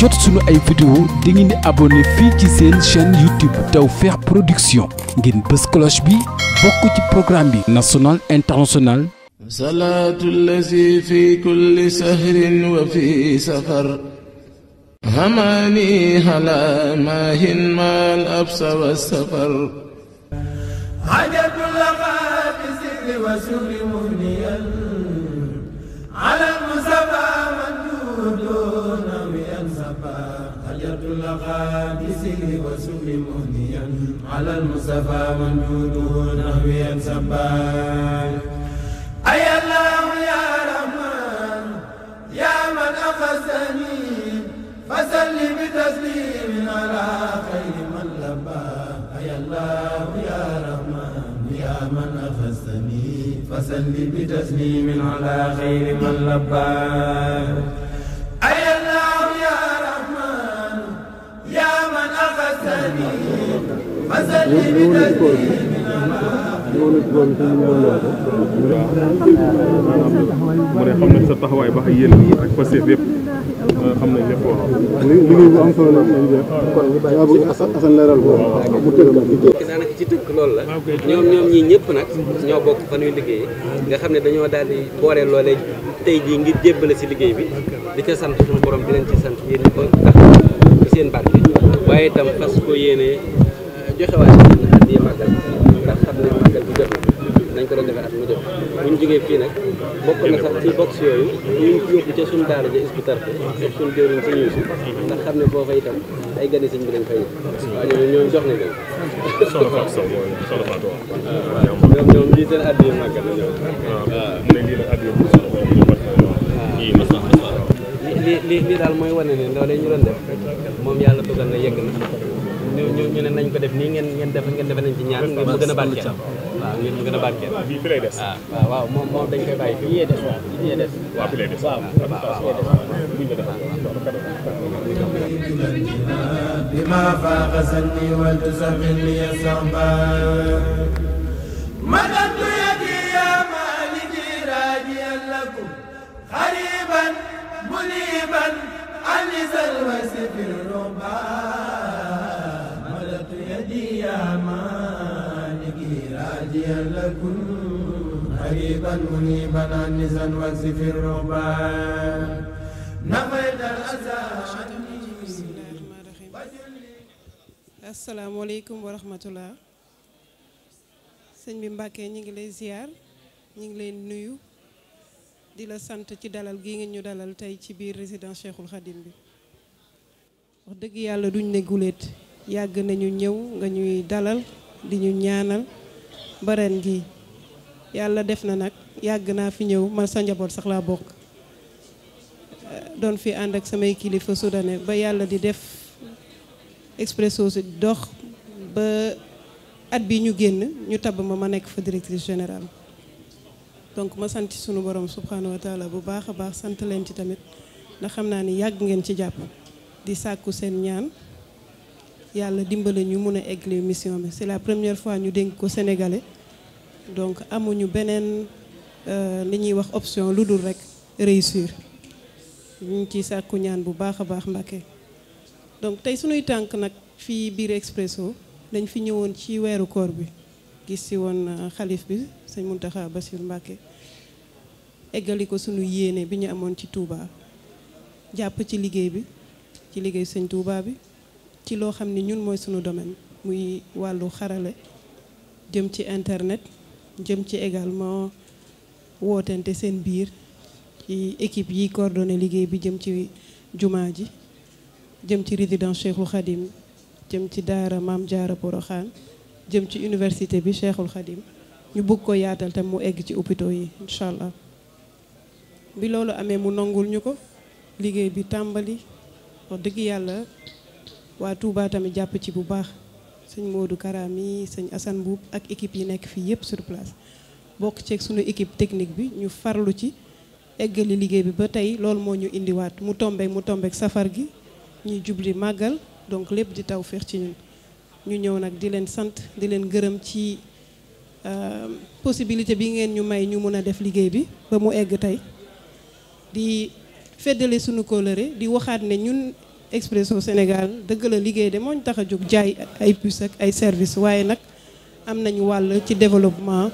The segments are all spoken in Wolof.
jot suñu ay vidéo da ngeen di fii ci seen chaîne YouTube Tawfekh Production ngeen bës cloche bi bokk ci programme bi national international salaatu llazi fi kulli sahrin wa fi safar hamani hala mahin mal absa wa safar حجة الأخاء بسر وسر مهنيا على المصطفى منجوده نهويا سبان أي الله يا رحمن يا من أخذني فسل بتسليم على خير من لبى أي الله يا رحمن يا من أخذني فسل بتسليم على خير من لبى mu ne xam nañ sa taxawaay ba ak yéen ak Pastef yëpp xam nañ lépp waaw. liggéey bu am solo la ñu def kon ñu bàyyi bu liggéey. daanaka ci tënk loolu la ñoom ñoom ñii ñëpp nag ñoo bokk fa ñuy liggéey nga xam ne dañoo daal di boole loolee tey jii ngir jébbale si liggéey bi li ca sant suñu borom di leen ci sant yéen ko tax ci seen barke waaye itam fas ko yéene euh, joxe waay si yenn at yi màggal ndax xam ne màggal bu jot dañ ko doon defee at mu jot bu ñu fii nag bokk na sax ci box yooyu ñu yóbbu ca suñu daara ja ispitar suñu jëriñ si ñun si ndax xam ne foofa itam ay gani bi dañ fay waaye ñoom ñoom jox nañ ñoom ñoom lii seen at yi màggal la ñoom waaw mu ne lii li li lii daal mooy wane ne loole ñu doon def moom yàlla dogal na yegg na ñu ñu ñu ne nañ ko def nii ngeen ngeen def ngeen defe nañ ci ñaan ngeen mu gën a barkeel waaw ngeen mu gën a barkeel bii fi lay des ah, waaw waaw moom moom dañ koy bàyyi fi yee des waaw fi yee des waaw fi lay des waaw بما فاق سني وتسمني الصعبان مددت منيبا أنز الوسف الربا ملت يدي يا مالكي راجيا لكن قريبا منيبا أنز الوسف الربا نفيت الأذى asalaamaaleykum wa rahmatullah sëñ bi Mbàkke ñi ngi lay ziar ñi ngi lay nuyu di la sant ci dalal gii ngeen ñu dalal tey ci biir résidence Cheikhul Khadim bi wax dëgg yàlla duñ ne guléet yàgg nañu ñëw nga ñuy dalal di ñu ñaanal baren gi yàlla def na nag yàgg naa fi ñëw man sa njaboot sax laa bokk doon fi ànd ak samay kilifa sudane ba yàlla di def Expresso si dox ba at bi ñu génn ñu tabb ma ma nekk fa directrice général donc ma sant sunu borom subhanahu wa taala bu baax a baax sant leen ci tamit ndax xam naa ni yàgg ngeen ci jàpp di sàkku seen ñaan yàlla dimbale ñu mun a eggle mission bi c'est la première fois ñu dénk ko sénégalais donc amuñu beneen euh, li ñuy wax option lu dul rek réussir ñu ci sàkku ñaan bu baax a baax Mbàkke donc tey sunuy tànk nag fii biir Expresso dañ fi ñëwoon ci weeru koor bi gis si woon euh, xalif bi sëñ Muntaxa Basiir Mbàkke eggali ko suñu yéene bi ñu amoon ci Touba jàpp ci liggéey bi ci liggéey sëñ Touba bi ci loo xam ni ñun mooy sunu domaine muy wàllu xarale jëm ci internet jëm ci également wootante seen biir ci équipe yi coordonné liggéey bi jëm ci jumaa ji jëm ci résidence Cheikhul Khadim jëm ci daara Maam Jaara Poroxaan jëm ci université bi Cheikhul Khadim ñu bugg ko yaatal tam mu egg ci opito yi incha allah bi loolu amee mu nangul ñu ko liggéey bi tàmbali wax dëgg yàlla waa Touba tamit jàpp ci bu baax sëñ moodu Kara mi sëñ Assane Mbuub ak équipe yi nekk fii yëpp sur place bokk ceeg suñu équipe technique bi ñu farlu ci eggali liggéey bi ba tey loolu moo ñu indiwaat mu tombeek mu tombeek safar gi ñuy jubli màggal donc lépp di taw feex ci ñun ñu ñëw nag di leen sant di leen gërëm ci euh, possibilité bi ngeen ñu may ñu mun a def liggéey bi ba mu egg tey di feddale suñu kóolëre di waxaat ne ñun Expresso Sénégal dëgg la liggéey de moo ñu tax a jóg jaay ay puces ak ay services waaye nag am nañu wàll ci développement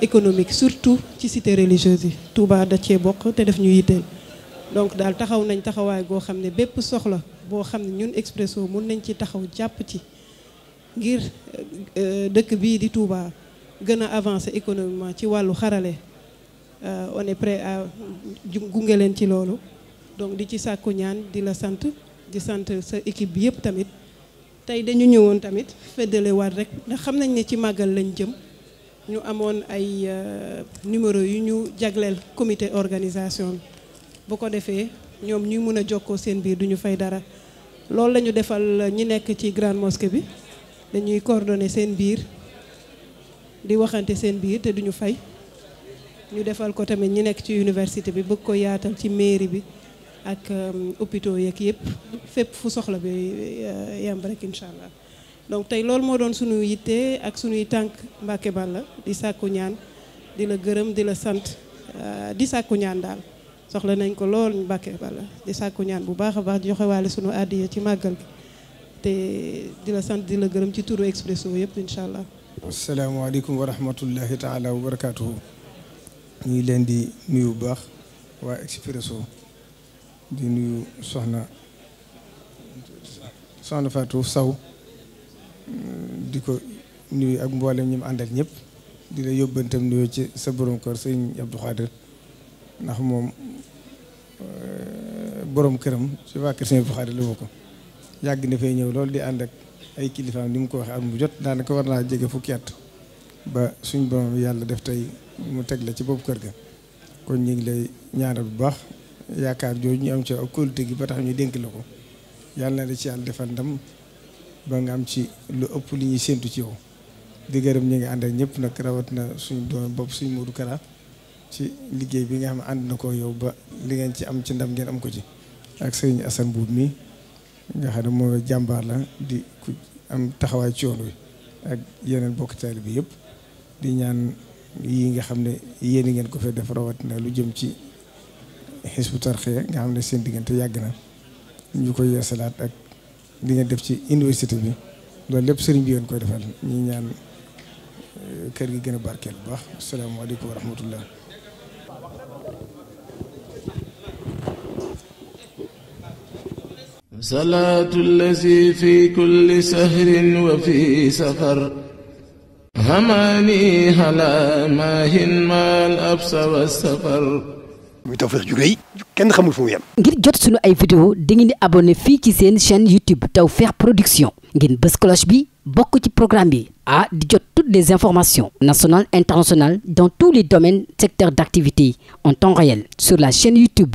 économique surtout ci cité religieuse yi Touba da cee bokk te def ñu yitteel donc daal taxaw nañ taxawaay goo xam ne bépp soxla boo xam ne ñun Expresso mun nañ ci taxaw jàpp ci ngir euh, dëkk bii di Touba gën a avancé économiquement ci wàllu xarale euh, on est prêt à gunge leen ci loolu donc di ci sàkku ñaan di la sant di sant sa équipe bi yëpp tamit tey dañu ñëwoon tamit feddale waat rek ndax xam nañ ne ci màggal lañ jëm ñu amoon ay euh, numéro yu ñu jagleel comité organisation bu ko defee ñoom ñu mun a jokkoo seen biir duñu fay dara loolu lañu defal ñi nekk ci grande mosquée bi dañuy coordonné seen biir di waxante seen biir te duñu fay ñu defal ko tamit ñu nekk ci université bi bëgg ko yaatal ci mairie bi ak euh, hôpitaux yeeg yëpp fépp fu soxla bi euh, yemb rek allah donc tey loolu moo doon suñu yitte ak suñuy tànk Mbàkke Balla di sàkku ñaan di la gërëm di la sant euh, di sàkku ñaan daal soxla nañ ko lool Mbàkke Balla di sàkku ñaan bu baax a baax di joxewaale suñu àddiya ci màggal gi te di la sant di la gërëm ci turu Expresso yëpp incha allah. asalaamaaleykum wa rahmatullahi taala wa barakaatuhu. ñu ngi leen di nuyu bu baax waa di nuyu Soxna Soxna Fatou saw di ko nuyu ak mboolem ñi mu àndal ñëpp di la yóbbantam nuyoo ci sa borom kër sëñ Abdou Khadir ndax moom euh, borom këram ci waa kër sëñ Abdou Khadir la ko. yàgg na fay ñëw loolu di ànd ak ay kilifaam ni mu ko waxee ak mu jot daanaka war naa jege fukki at ba suñ borom yàlla def tey mu teg la ci bopp kër ga kon ñu ngi lay ñaanal bu baax yaakaar jooju ñu am ci ak kóolute gi ba tax ñu dénk ko yàlla na la ci yàlla defal ndam ba nga am ci lu ëpp li séntu ci yow di gërëm ñu ngi ànd ñëpp nag rawat suñu doom bopp suñ Modou Kara ci liggéey bi nga xam ne ko yow ba li ngeen ci am ci ndam ngeen ko ci ak sëriñ Assane Boub mi nga xam ne moom jàmbaar la di ku am taxawaay ci yoon wi ak yeneen bokk taalibe bi yëpp di ñaan yi nga xam ne yéen ngeen ko fee def rawatina lu jëm ci bu Tarqiyyah nga xam ne seen diggante yàgg na ñu koy yeesalaat ak li ngeen def ci université bi loolu lépp sëriñ bi ngeen koy defal ñu ñaan eh, kër gi gën a barkeel bu baax asalaamaaleykum wa rahmatullah salaatu allazi fi kulli sahrin wa fi safar hamaani ala maahin maal absa wa safar muy Tawfekh ju kenn xamul fu mu ngir jot sunu ay vidéo dangeen di abonné fii ci seen chaîne YouTube Tawfekh Production ngeen bës bi bokk ci programme bi ah di jot toutes des informations national internationales dans tous les domaines secteurs d'activité en temps réel sur la chaîne YouTube